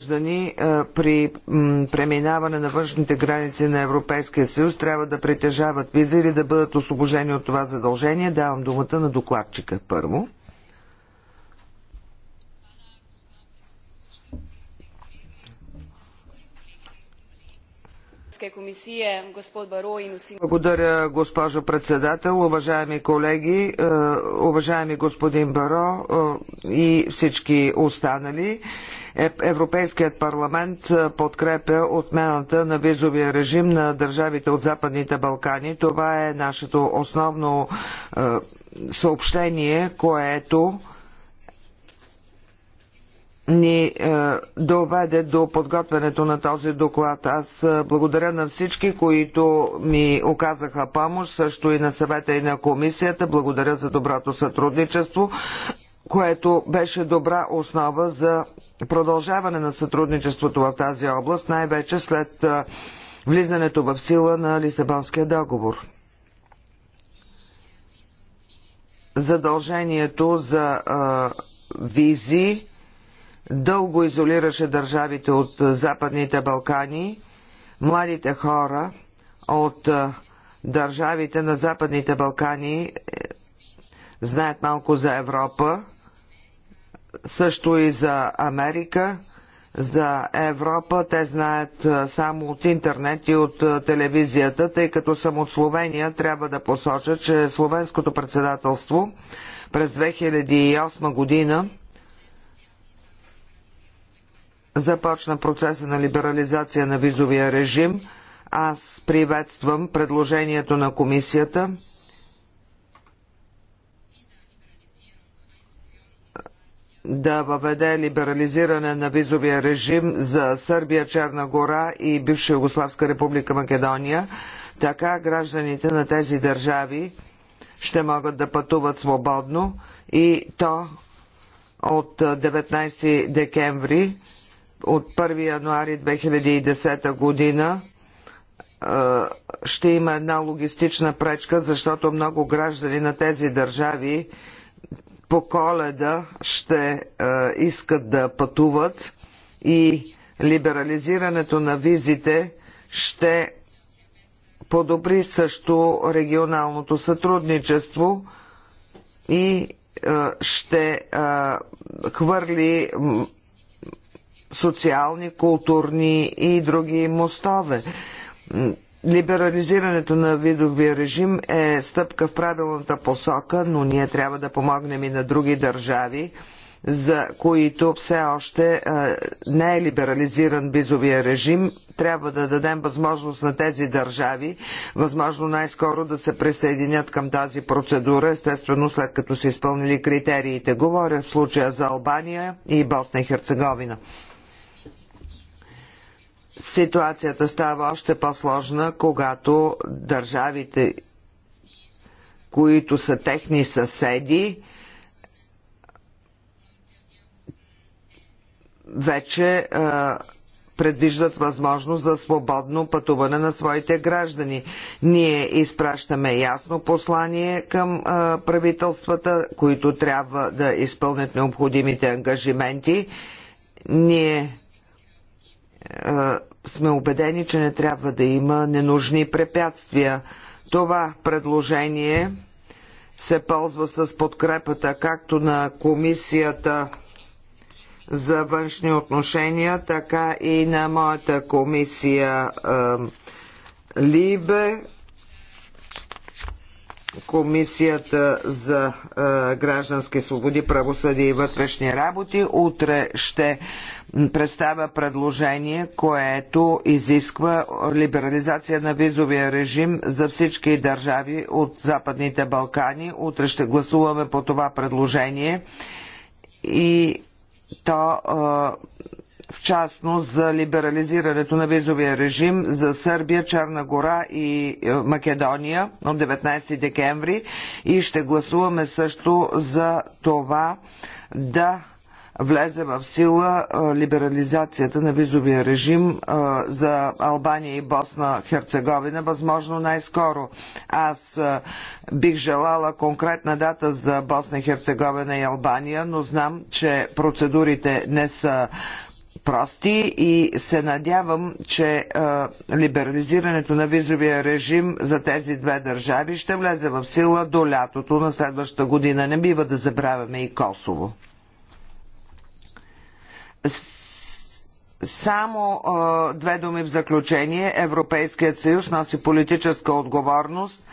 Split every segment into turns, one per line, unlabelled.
граждани при преминаване на външните граници на Европейския съюз трябва да притежават виза или да бъдат освобождени от това задължение. Давам думата на докладчика първо.
комисия, господ Баро и
Благодаря, госпожо председател, уважаеми колеги, е, уважаеми господин Баро е, и всички останали. Е, Европейският парламент подкрепя отмената на визовия режим на държавите от Западните Балкани. Това е нашето основно съобщение, което ни е, доведе до подготвянето на този доклад. Аз е, благодаря на всички, които ми оказаха помощ, също и на съвета и на комисията. Благодаря за доброто сътрудничество, което беше добра основа за продължаване на сътрудничеството в тази област, най-вече след е, влизането в сила на Лисабонския договор. Задължението за е, визи дълго изолираше държавите от Западните Балкани, младите хора от държавите на Западните Балкани е, знаят малко за Европа, също и за Америка, за Европа. Те знаят само от интернет и от телевизията, тъй като съм от Словения, трябва да посоча, че словенското председателство през 2008 година започна процеса на либерализация на визовия режим. Аз приветствам предложението на комисията да въведе либерализиране на визовия режим за Сърбия, Черна гора и бивша Югославска република Македония. Така гражданите на тези държави ще могат да пътуват свободно и то от 19 декември от 1 януари 2010 година ще има една логистична пречка, защото много граждани на тези държави по коледа ще искат да пътуват и либерализирането на визите ще подобри също регионалното сътрудничество и ще хвърли социални, културни и други мостове. Либерализирането на видовия режим е стъпка в правилната посока, но ние трябва да помогнем и на други държави, за които все още е, не е либерализиран визовия режим. Трябва да дадем възможност на тези държави, възможно най-скоро да се присъединят към тази процедура, естествено след като са изпълнили критериите. Говоря в случая за Албания и Босна и Херцеговина ситуацията става още по-сложна, когато държавите, които са техни съседи, вече предвиждат възможност за свободно пътуване на своите граждани. Ние изпращаме ясно послание към а, правителствата, които трябва да изпълнят необходимите ангажименти. Ние сме убедени, че не трябва да има ненужни препятствия. Това предложение се ползва с подкрепата както на комисията за външни отношения, така и на моята комисия е, Либе, комисията за е, граждански свободи, правосъдие и вътрешни работи. Утре ще представя предложение, което изисква либерализация на визовия режим за всички държави от Западните Балкани. Утре ще гласуваме по това предложение и то в частност за либерализирането на визовия режим за Сърбия, Черна гора и Македония от 19 декември и ще гласуваме също за това да влезе в сила либерализацията на визовия режим за Албания и Босна Херцеговина, възможно най-скоро. Аз бих желала конкретна дата за Босна Херцеговина и Албания, но знам, че процедурите не са прости и се надявам, че либерализирането на визовия режим за тези две държави ще влезе в сила до лятото на следващата година. Не бива да забравяме и Косово. Само две думи в заключение. Европейският съюз носи политическа отговорност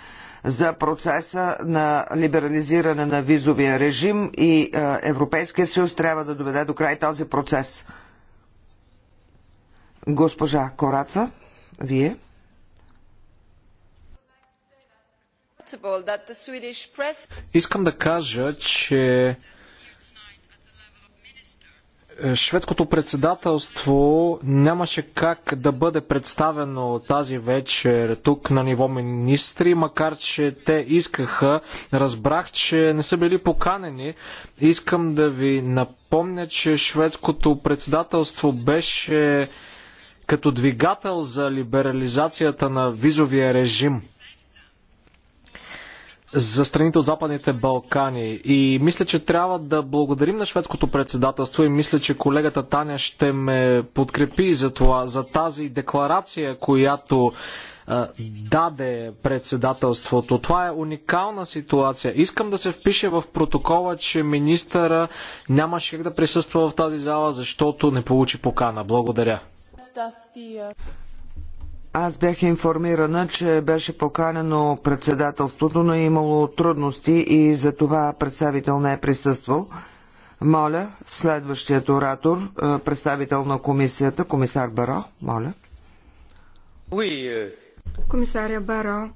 за процеса на либерализиране на визовия режим и Европейския съюз трябва да доведе до край този процес. Госпожа Кораца, вие.
Искам да кажа, че шведското председателство нямаше как да бъде представено тази вечер тук на ниво министри, макар че те искаха. Разбрах, че не са били поканени. Искам да ви напомня, че шведското председателство беше като двигател за либерализацията на визовия режим – за страните от Западните Балкани. И мисля, че трябва да благодарим на шведското председателство и мисля, че колегата Таня ще ме подкрепи за това, за тази декларация, която даде председателството. Това е уникална ситуация. Искам да се впише в протокола, че министъра нямаше как да присъства в тази зала, защото не получи покана. Благодаря.
Аз бях информирана, че беше поканено председателството, но е имало трудности и за това представител не е присъствал. Моля, следващият оратор, е, представител на комисията, комисар Баро, моля.
Е. Комисаря Баро,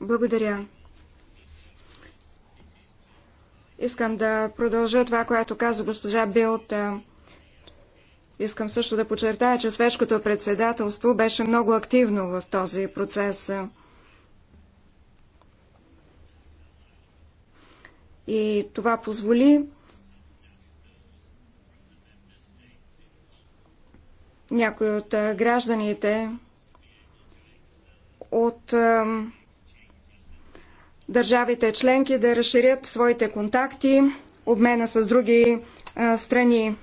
благодаря. Искам да продължа това, което каза госпожа Билта. Е, Искам също да подчертая, че свежкото председателство беше много активно в този процес. И това позволи някои от гражданите от държавите членки да разширят своите контакти, обмена с други страни.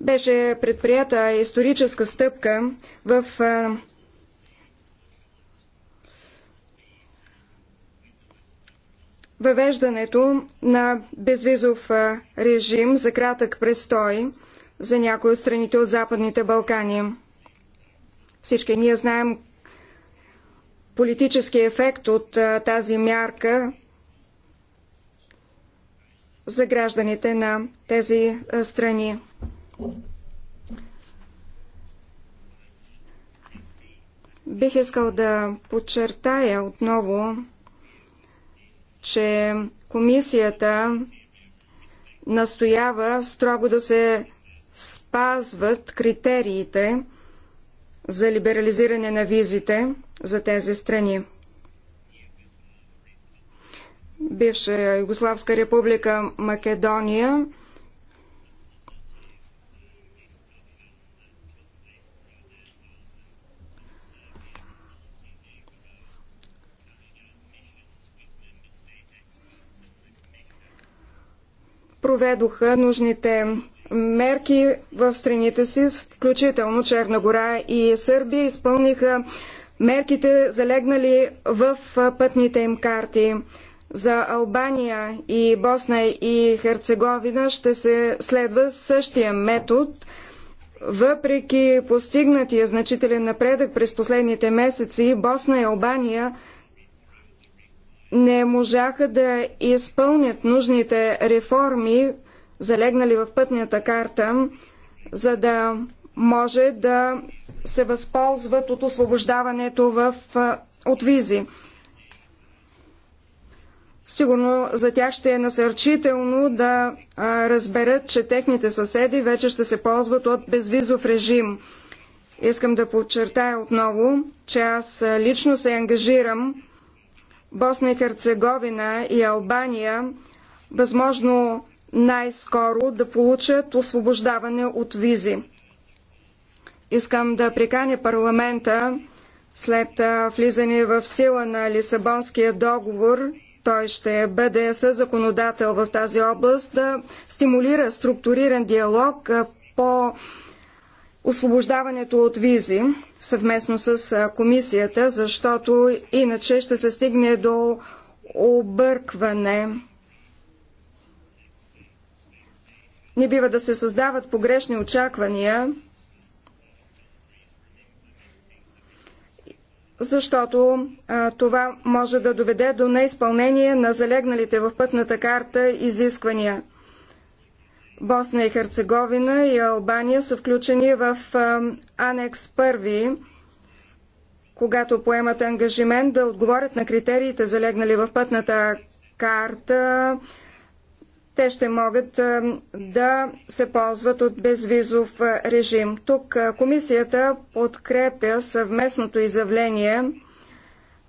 беше предприята историческа стъпка в въвеждането на безвизов режим за кратък престой за някои от страните от Западните Балкани. Всички ние знаем политически ефект от тази мярка за гражданите на тези страни. Бих искал да подчертая отново, че комисията настоява строго да се спазват критериите за либерализиране на визите за тези страни. Бивша Югославска република Македония проведоха нужните мерки в страните си, включително Черна гора и Сърбия, изпълниха мерките залегнали в пътните им карти. За Албания и Босна и Херцеговина ще се следва същия метод, въпреки постигнатия значителен напредък през последните месеци, Босна и Албания не можаха да изпълнят нужните реформи, залегнали в пътната карта, за да може да се възползват от освобождаването в, от визи. Сигурно за тях ще е насърчително да а, разберат, че техните съседи вече ще се ползват от безвизов режим. Искам да подчертая отново, че аз лично се ангажирам Босна и Херцеговина и Албания възможно най-скоро да получат освобождаване от визи. Искам да приканя парламента след влизане в сила на Лисабонския договор, той ще бъде със законодател в тази област, да стимулира структуриран диалог по освобождаването от визи съвместно с комисията, защото иначе ще се стигне до объркване. Не бива да се създават погрешни очаквания, защото а, това може да доведе до неизпълнение на залегналите в пътната карта изисквания – Босна и Херцеговина и Албания са включени в анекс 1, когато поемат ангажимент да отговорят на критериите, залегнали в пътната карта, те ще могат да се ползват от безвизов режим. Тук комисията подкрепя съвместното изявление,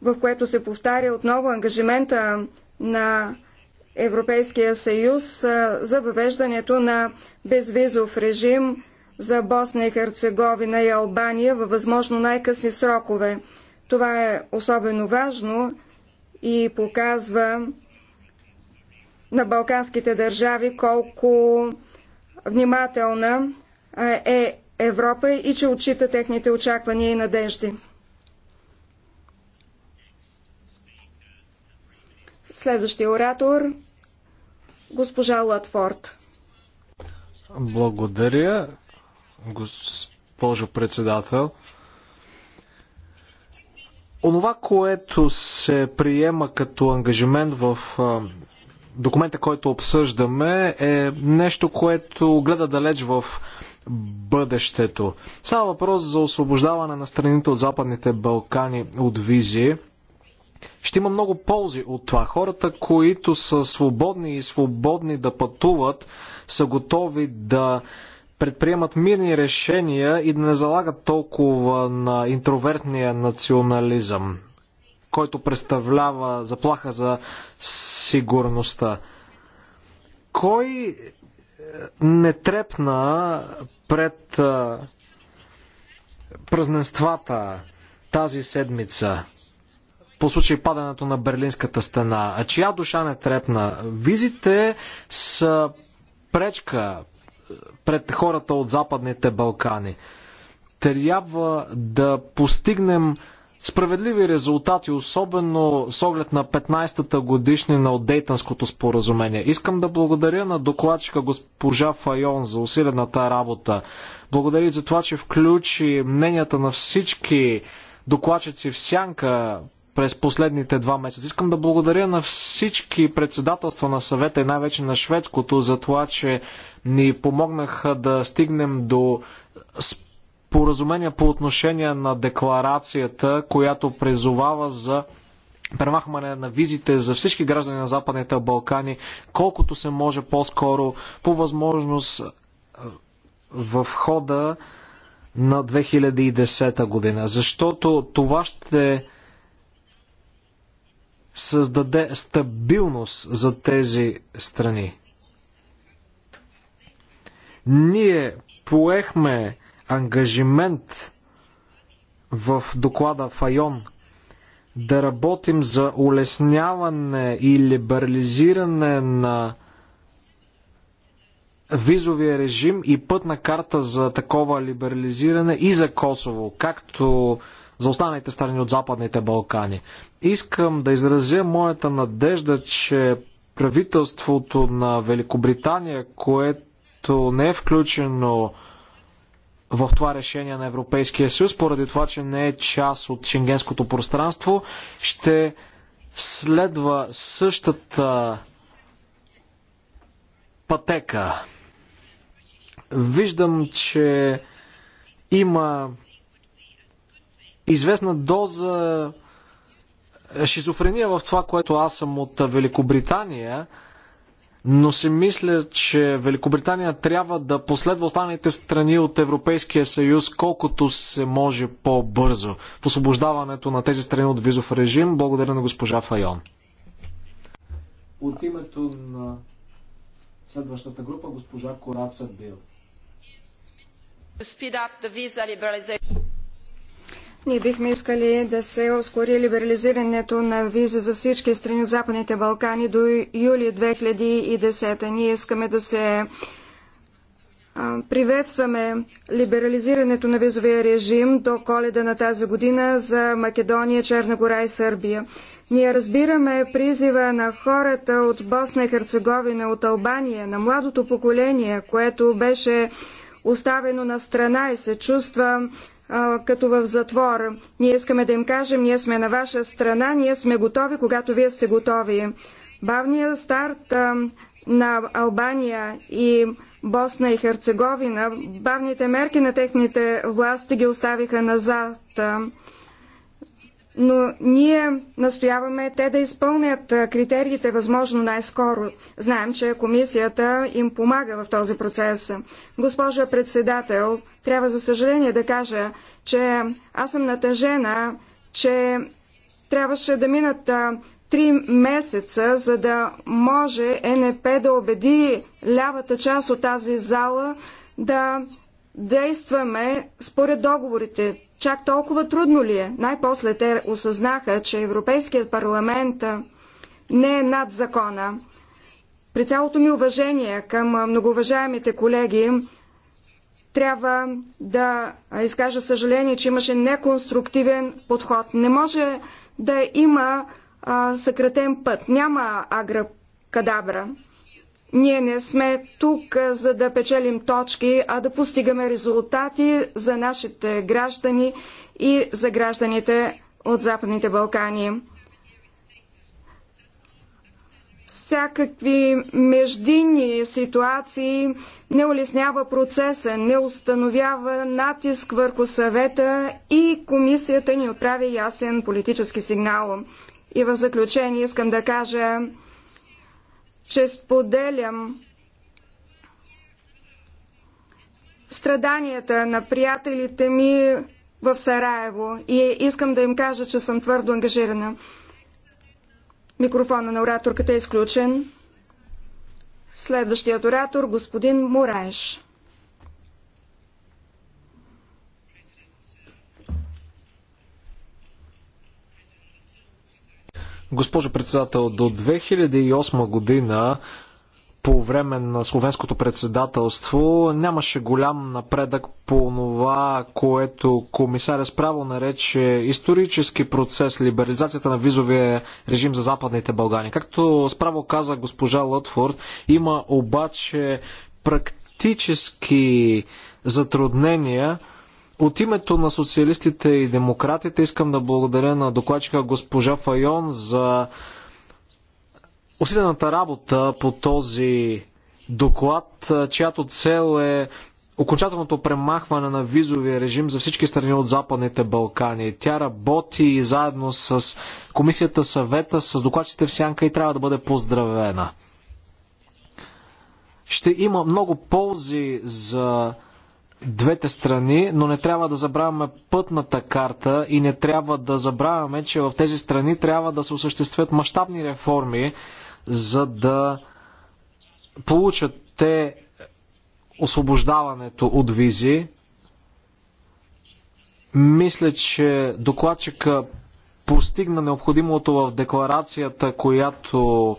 в което се повтаря отново ангажимента на Европейския съюз за въвеждането на безвизов режим за Босна и Херцеговина и Албания във възможно най-късни срокове. Това е особено важно и показва на балканските държави колко внимателна е Европа и че отчита техните очаквания и надежди. Следващия оратор госпожа Латфорд.
Благодаря, госпожо председател. Онова, което се приема като ангажимент в документа, който обсъждаме, е нещо, което гледа далеч в бъдещето. Става въпрос за освобождаване на страните от Западните Балкани от Визи ще има много ползи от това. Хората, които са свободни и свободни да пътуват, са готови да предприемат мирни решения и да не залагат толкова на интровертния национализъм, който представлява заплаха за сигурността. Кой е, не трепна пред е, празненствата тази седмица? по случай падането на Берлинската стена. А чия душа не трепна? Визите са пречка пред хората от Западните Балкани. Трябва да постигнем справедливи резултати, особено с оглед на 15-та годишнина от Дейтанското споразумение. Искам да благодаря на докладчика госпожа Файон за усилената работа. Благодаря за това, че включи мненията на всички докладчици в сянка през последните два месеца. Искам да благодаря на всички председателства на съвета и най-вече на шведското за това, че ни помогнаха да стигнем до споразумения по отношение на декларацията, която призовава за премахване на визите за всички граждани на Западните Балкани, колкото се може по-скоро, по възможност в хода на 2010 година. Защото това ще създаде стабилност за тези страни. Ние поехме ангажимент в доклада Файон да работим за улесняване и либерализиране на визовия режим и пътна карта за такова либерализиране и за Косово, както за останалите страни от Западните Балкани. Искам да изразя моята надежда, че правителството на Великобритания, което не е включено в това решение на Европейския съюз, поради това, че не е част от шенгенското пространство, ще следва същата пътека. Виждам, че има известна доза шизофрения в това, което аз съм от Великобритания, но си мисля, че Великобритания трябва да последва останалите страни от Европейския съюз колкото се може по-бързо в освобождаването на тези страни от визов режим. Благодаря на госпожа Файон. От името на следващата група госпожа Кораца Бил.
Ние бихме искали да се ускори либерализирането на визи за всички страни Западните Балкани до юли 2010. Ние искаме да се приветстваме либерализирането на визовия режим до коледа на тази година за Македония, Черна гора и Сърбия. Ние разбираме призива на хората от Босна и Херцеговина, от Албания, на младото поколение, което беше оставено на страна и се чувства като в затвора. Ние искаме да им кажем, ние сме на ваша страна, ние сме готови, когато вие сте готови. Бавният старт а, на Албания и Босна и Херцеговина, бавните мерки на техните власти ги оставиха назад но ние настояваме те да изпълнят критериите възможно най-скоро. Знаем, че комисията им помага в този процес. Госпожа председател, трябва за съжаление да кажа, че аз съм натъжена, че трябваше да минат три месеца, за да може НП да убеди лявата част от тази зала да действаме според договорите. Чак толкова трудно ли е? Най-после те осъзнаха, че Европейският парламент не е над закона. При цялото ми уважение към многоуважаемите колеги, трябва да изкажа съжаление, че имаше неконструктивен подход. Не може да има а, съкратен път. Няма кадабра. Ние не сме тук, за да печелим точки, а да постигаме резултати за нашите граждани и за гражданите от Западните Балкани. Всякакви междинни ситуации не улеснява процеса, не установява натиск върху съвета и комисията ни отправя ясен политически сигнал. И в заключение искам да кажа, че споделям страданията на приятелите ми в Сараево и искам да им кажа, че съм твърдо ангажирана. Микрофона на ораторката е изключен. Следващият оратор, господин Мураеш.
Госпожо председател, до 2008 година по време на словенското председателство нямаше голям напредък по това, което комисаря справо нарече исторически процес, либерализацията на визовия режим за Западните Балкани. Както справо каза госпожа Лътфорд, има обаче практически затруднения от името на социалистите и демократите искам да благодаря на докладчика госпожа Файон за усилената работа по този доклад, чиято цел е окончателното премахване на визовия режим за всички страни от Западните Балкани. Тя работи заедно с Комисията съвета, с докладчите в Сянка и трябва да бъде поздравена. Ще има много ползи за двете страни, но не трябва да забравяме пътната карта и не трябва да забравяме, че в тези страни трябва да се осъществят мащабни реформи, за да получат те освобождаването от визи. Мисля, че докладчика постигна необходимото в декларацията, която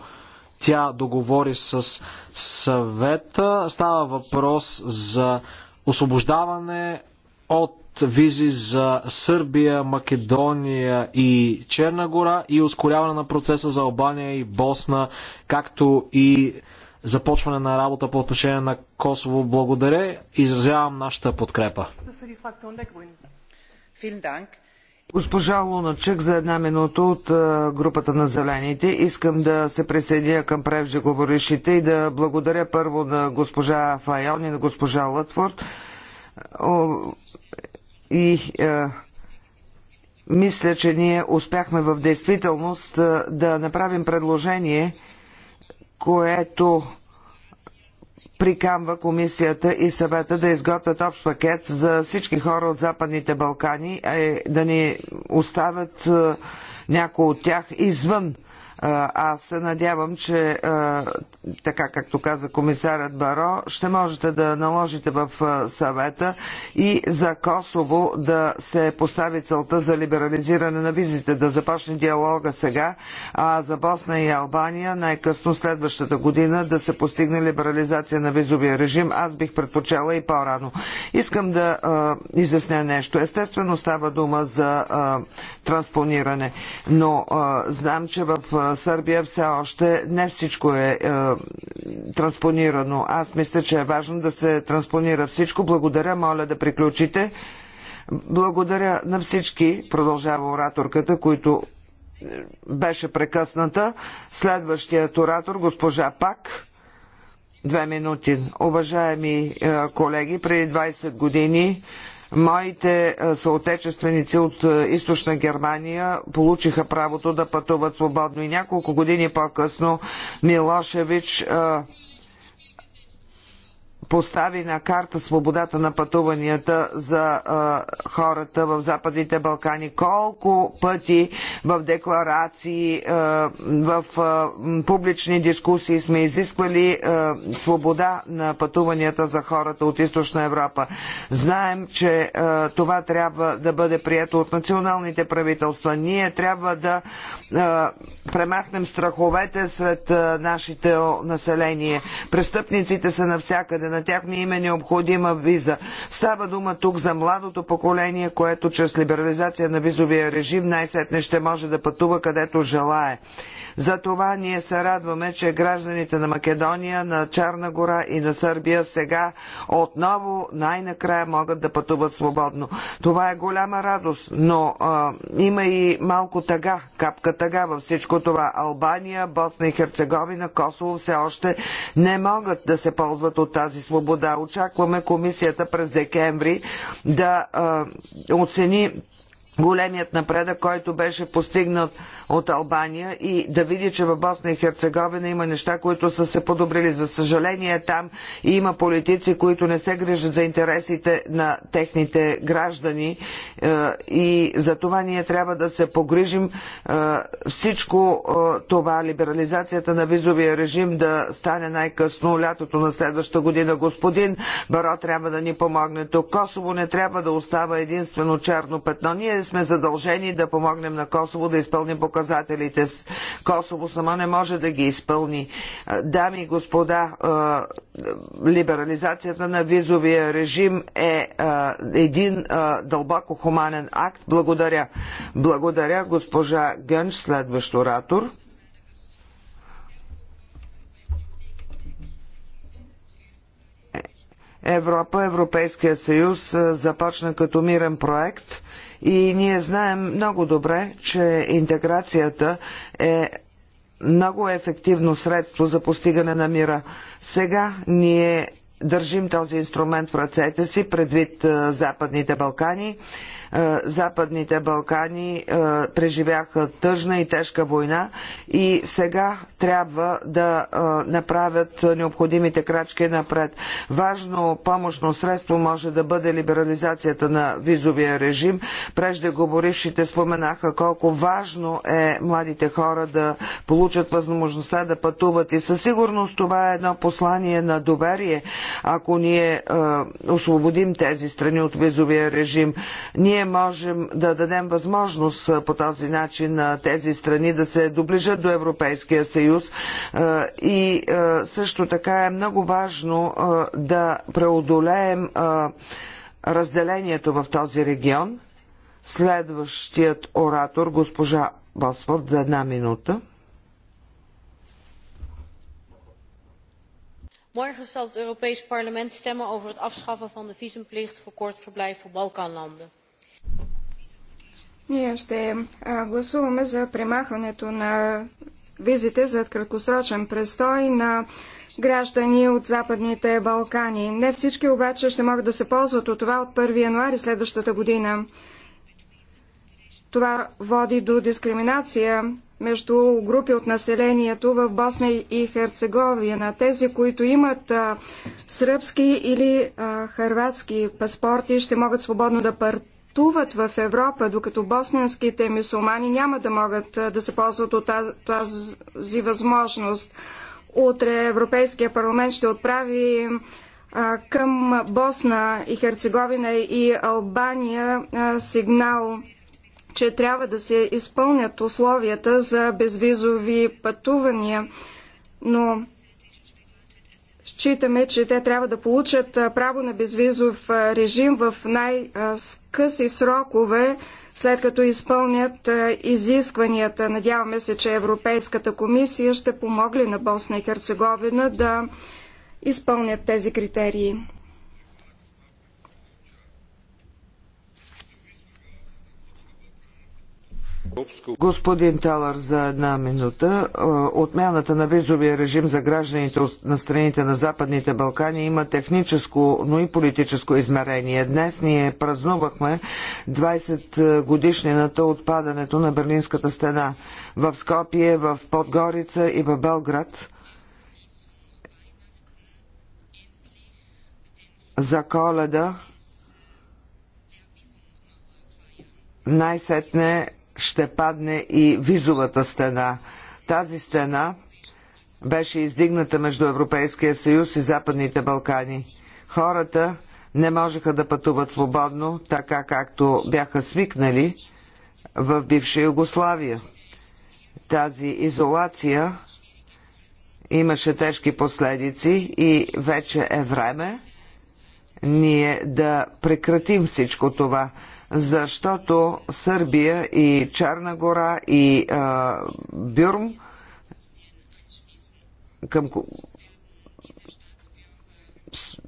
тя договори с съвета. Става въпрос за освобождаване от визи за Сърбия, Македония и Черна гора и ускоряване на процеса за Албания и Босна, както и започване на работа по отношение на Косово. Благодаря. Изразявам нашата подкрепа. Госпожа Луначек
за една минута от групата на зелените. Искам да се присъединя към преждеговорившите и да благодаря първо на госпожа Файон и на госпожа Лътфорд. И е, мисля, че ние успяхме в действителност да направим предложение, което приканва комисията и съвета да изготвят общ пакет за всички хора от Западните Балкани, а е да ни оставят е, някои от тях извън аз се надявам, че така както каза комисарът Баро, ще можете да наложите в съвета и за Косово да се постави целта за либерализиране на визите, да започне диалога сега, а за Босна и Албания най-късно следващата година да се постигне либерализация на визовия режим. Аз бих предпочела и по-рано. Искам да изясня нещо. Естествено става дума за транспониране, но знам, че в Сърбия все още не всичко е, е транспонирано. Аз мисля, че е важно да се транспонира всичко. Благодаря, моля да приключите. Благодаря на всички, продължава ораторката, които е, беше прекъсната. Следващият оратор, госпожа Пак. Две минути. Уважаеми е, колеги, преди 20 години Моите е, съотечественици от е, източна Германия получиха правото да пътуват свободно и няколко години по-късно Милошевич е, постави на карта свободата на пътуванията за а, хората в Западните Балкани. Колко пъти в декларации, а, в а, публични дискусии сме изисквали а, свобода на пътуванията за хората от Източна Европа. Знаем, че а, това трябва да бъде прието от националните правителства. Ние трябва да а, премахнем страховете сред а, нашите население. Престъпниците са навсякъде на тях не им е необходима виза. Става дума тук за младото поколение, което чрез либерализация на визовия режим най-сетне ще може да пътува където желае. За това ние се радваме, че гражданите на Македония, на Чарна гора и на Сърбия сега отново най-накрая могат да пътуват свободно. Това е голяма радост, но а, има и малко тъга, капка тъга във всичко това. Албания, Босна и Херцеговина, Косово все още не могат да се ползват от тази свобода. Очакваме комисията през декември да а, оцени големият напредък, който беше постигнат от Албания и да види, че в Босна и Херцеговина има неща, които са се подобрили. За съжаление, там има политици, които не се грижат за интересите на техните граждани е, и за това ние трябва да се погрижим е, всичко е, това, либерализацията на визовия режим да стане най-късно лятото на следващата година. Господин Баро трябва да ни помогне тук. Косово не трябва да остава единствено черно петно. Ние сме задължени да помогнем на Косово да изпълним показателите показателите. Косово само не може да ги изпълни. Дами и господа, либерализацията на визовия режим е един дълбоко хуманен акт. Благодаря. Благодаря госпожа Гънч, следващ оратор. Европа, Европейския съюз започна като мирен проект и ние знаем много добре, че интеграцията е много ефективно средство за постигане на мира. Сега ние държим този инструмент в ръцете си предвид Западните Балкани е, Западните Балкани е, преживяха тъжна и тежка война и сега трябва да е, направят необходимите крачки напред. Важно помощно средство може да бъде либерализацията на визовия режим. Преждеговорившите споменаха колко важно е младите хора да получат възможността да пътуват и със сигурност това е едно послание на доверие, ако ние освободим тези страни от визовия режим. Ние ние можем да дадем възможност по този начин на тези страни да се доближат до Европейския съюз и също така е много важно да преодолеем разделението в този регион. Следващият оратор, госпожа Босфорд, за една минута. morgen zal het europees parlement stemmen over het afschaffen van de visumplicht
voor kort verblijf voor balkanlanden.
Ние ще гласуваме за премахването на визите за краткосрочен престой на граждани от Западните Балкани. Не всички обаче ще могат да се ползват от това от 1 януари следващата година. Това води до дискриминация между групи от населението в Босна и Херцеговина. Тези, които имат а, сръбски или а, харватски паспорти, ще могат свободно да пър пътуват в Европа, докато босненските мусулмани няма да могат да се ползват от тази възможност. Утре Европейския парламент ще отправи към Босна и Херцеговина и Албания сигнал, че трябва да се изпълнят условията за безвизови пътувания, но Считаме, че те трябва да получат право на безвизов режим в най-скъси срокове, след като изпълнят изискванията. Надяваме се, че Европейската комисия ще помогне на Босна и Херцеговина да изпълнят тези критерии.
Господин Талар за една минута. Е, отмяната на визовия режим за гражданите на страните на Западните Балкани има техническо, но и политическо измерение. Днес ние празнувахме 20 е, годишнината от падането на Берлинската стена в Скопие, в Подгорица и в Белград. За коледа най-сетне ще падне и визовата стена. Тази стена беше издигната между Европейския съюз и Западните Балкани. Хората не можеха да пътуват свободно, така както бяха свикнали в бивша Югославия. Тази изолация имаше тежки последици и вече е време ние да прекратим всичко това защото Сърбия и Черна гора и а, Бюрм към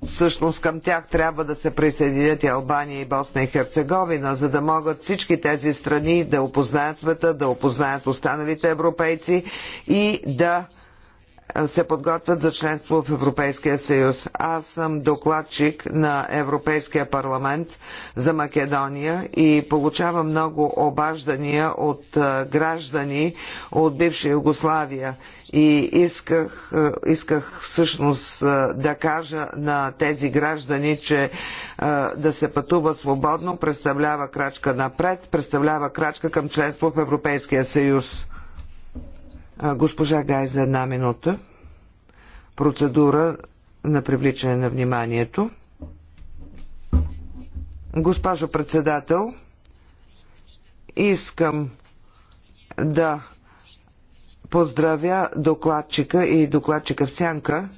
всъщност към тях трябва да се присъединят и Албания и Босна и Херцеговина, за да могат всички тези страни да опознаят света, да опознаят останалите европейци и да се подготвят за членство в Европейския съюз. Аз съм докладчик на Европейския парламент за Македония и получавам много обаждания от граждани от бивша Югославия и исках, исках всъщност да кажа на тези граждани, че да се пътува свободно представлява крачка напред, представлява крачка към членство в Европейския съюз. Госпожа Гай за една минута. Процедура на привличане на вниманието. Госпожо председател, искам да поздравя докладчика и докладчика в сянка.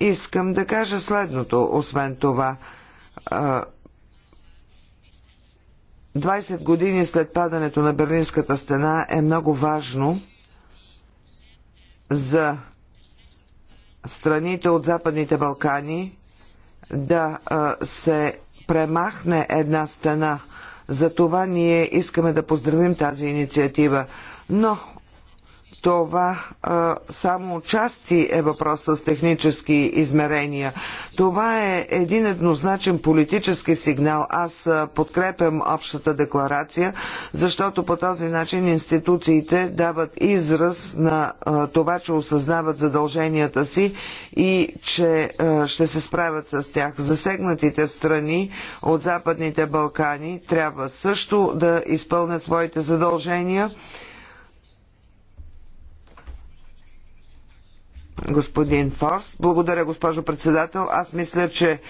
Искам да кажа следното, освен това. 20 години след падането на Берлинската стена е много важно – за страните от Западните Балкани да се премахне една стена. За това ние искаме да поздравим тази инициатива. Но това а, само части е въпрос с технически измерения. Това е един еднозначен политически сигнал. Аз а, подкрепям общата декларация, защото по този начин институциите дават израз на а, това, че осъзнават задълженията си и че а, ще се справят с тях. Засегнатите страни от Западните Балкани трябва също да изпълнят своите задължения господин Форс. Благодаря, госпожо председател. Аз мисля, че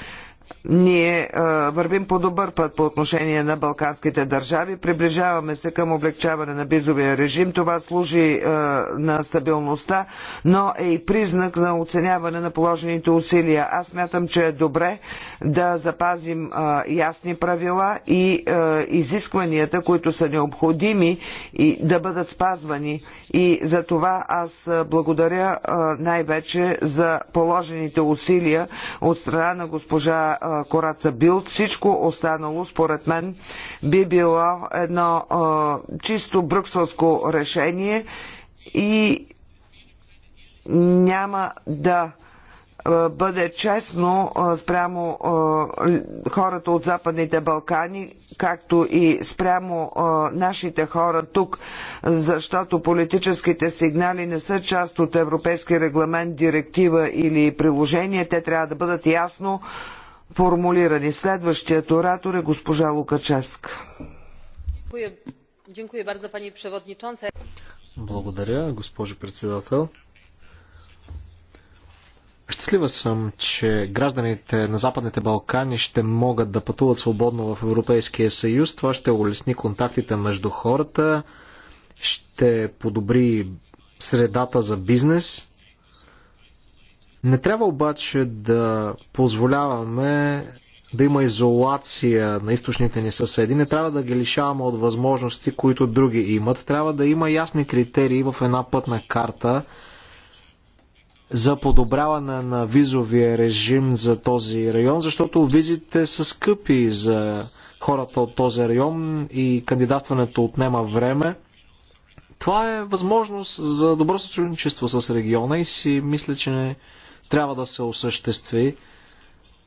ние а, е, вървим по добър път по отношение на балканските държави. Приближаваме се към облегчаване на бизовия режим. Това служи а, е, на стабилността, но е и признак на оценяване на положените усилия. Аз мятам, че е добре да запазим а, е, ясни правила и а, изискванията, които са необходими и да бъдат спазвани. И за това аз благодаря най-вече за положените усилия от страна на госпожа Кораца Билд. Всичко останало, според мен, би било едно чисто брюкселско решение и няма да бъде честно спрямо хората от Западните Балкани, както и спрямо нашите хора тук, защото политическите сигнали не са част от европейски регламент, директива или приложение. Те трябва да бъдат ясно формулирани. Следващият оратор е госпожа Лукачевска.
Благодаря, госпожо председател. Щастлива съм, че гражданите на Западните Балкани ще могат да пътуват свободно в Европейския съюз. Това ще улесни контактите между хората, ще подобри средата за бизнес. Не трябва обаче да позволяваме да има изолация на източните ни съседи. Не трябва да ги лишаваме от възможности, които други имат. Трябва да има ясни критерии в една пътна карта за подобряване на визовия режим за този район, защото визите са скъпи за хората от този район и кандидатстването отнема време. Това е възможност за добро сътрудничество с региона и си мисля, че не трябва да се осъществи.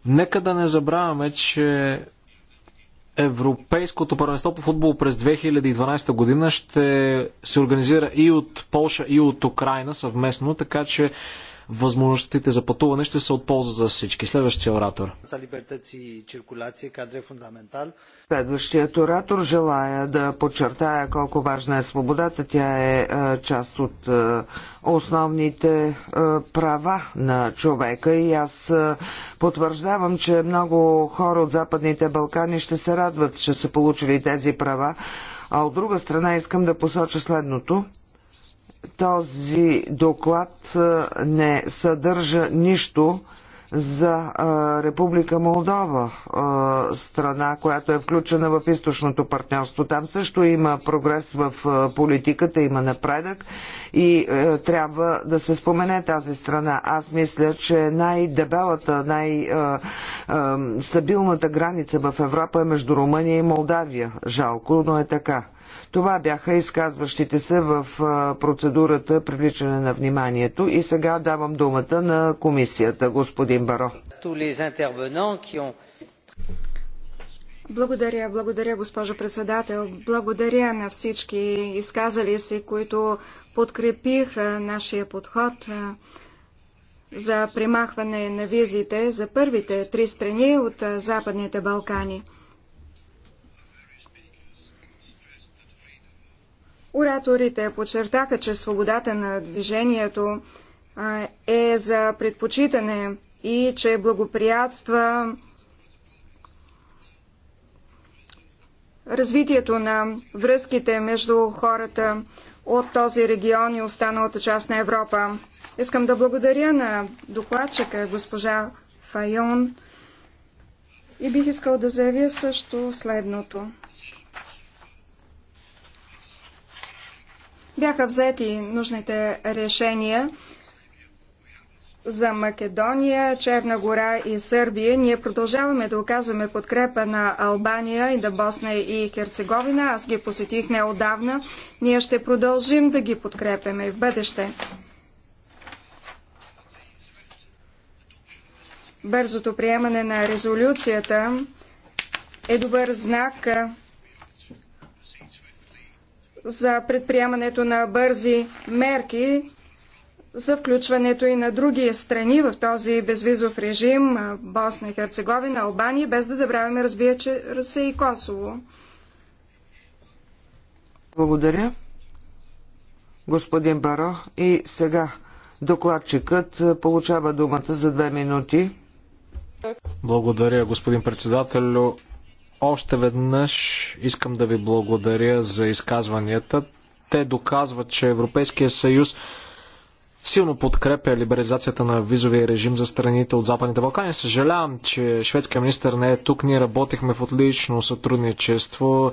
Нека да не забравяме, че Европейското първенство по футбол през 2012 година ще се организира и от Полша, и от Украина съвместно, така че възможностите за пътуване ще са от полза за всички. Следващия оратор. Е
Следващият оратор желая да подчертая колко важна е свободата. Тя е, е част от е, основните права на човека и аз потвърждавам, че много хора от Западните Балкани ще се радват, че са получили тези права. А от друга страна искам да посоча следното този доклад не съдържа нищо за Република Молдова, страна, която е включена в източното партньорство. Там също има прогрес в политиката, има напредък и е, трябва да се спомене тази страна. Аз мисля, че най-дебелата, най-стабилната е, е, граница в Европа е между Румъния и Молдавия. Жалко, но е така. Това бяха изказващите се в процедурата привличане на вниманието и сега давам думата на комисията, господин Баро.
Благодаря, благодаря, госпожо председател. Благодаря на всички изказали се, които подкрепиха нашия подход за примахване на визите за първите три страни от Западните Балкани – Ораторите подчертаха, че свободата на движението е за предпочитане и че благоприятства развитието на връзките между хората от този регион и останалата част на Европа. Искам да благодаря на докладчика госпожа Файон и бих искал да заявя също следното. Бяха взети нужните решения за Македония, Черна гора и Сърбия. Ние продължаваме да оказваме подкрепа на Албания и да Босна и Херцеговина. Аз ги посетих неодавна. Ние ще продължим да ги подкрепяме и в бъдеще. Бързото приемане на резолюцията е добър знак за предприемането на бързи мерки за включването и на други страни в този безвизов режим Босна и Херцеговина, Албания, без да забравяме, разбира се, и Косово.
Благодаря, господин Баро. И сега докладчикът получава думата за две минути.
Благодаря, господин председател. Още веднъж искам да ви благодаря за изказванията. Те доказват, че Европейския съюз силно подкрепя либерализацията на визовия режим за страните от Западните Балкани. Съжалявам, че шведския министр не е тук. Ние работихме в отлично сътрудничество.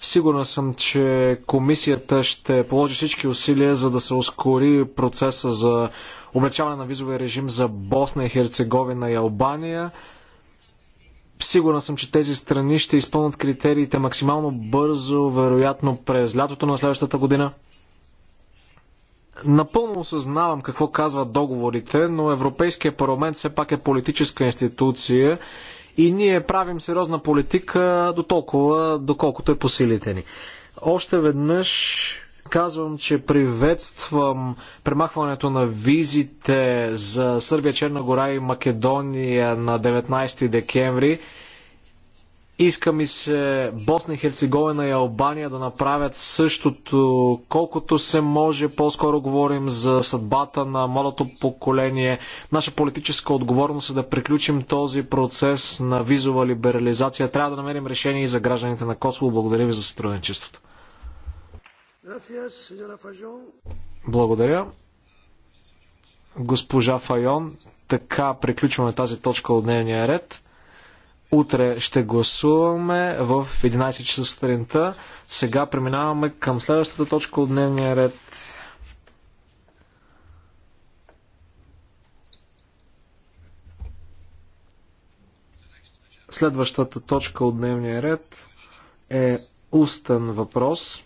Сигурна съм, че комисията ще положи всички усилия, за да се ускори процеса за облегчаване на визовия режим за Босна и Херцеговина и Албания. Сигурен съм, че тези страни ще изпълнят критериите максимално бързо, вероятно през лятото на следващата година. Напълно осъзнавам какво казват договорите, но Европейския парламент все пак е политическа институция и ние правим сериозна политика до толкова, доколкото е по силите ни. Още веднъж казвам, че приветствам премахването на визите за Сърбия, Черна гора и Македония на 19 декември. Иска ми се Босна и Херцеговина и Албания да направят същото, колкото се може. По-скоро говорим за съдбата на младото поколение. Наша политическа отговорност е да приключим този процес на визова либерализация. Трябва да намерим решение и за гражданите на Косово. Благодаря ви за сътрудничеството. Благодаря. Госпожа Файон, така приключваме тази точка от дневния ред. Утре ще гласуваме в 11 часа сутринта. Сега преминаваме към следващата точка от дневния ред. Следващата точка от дневния ред е устен въпрос –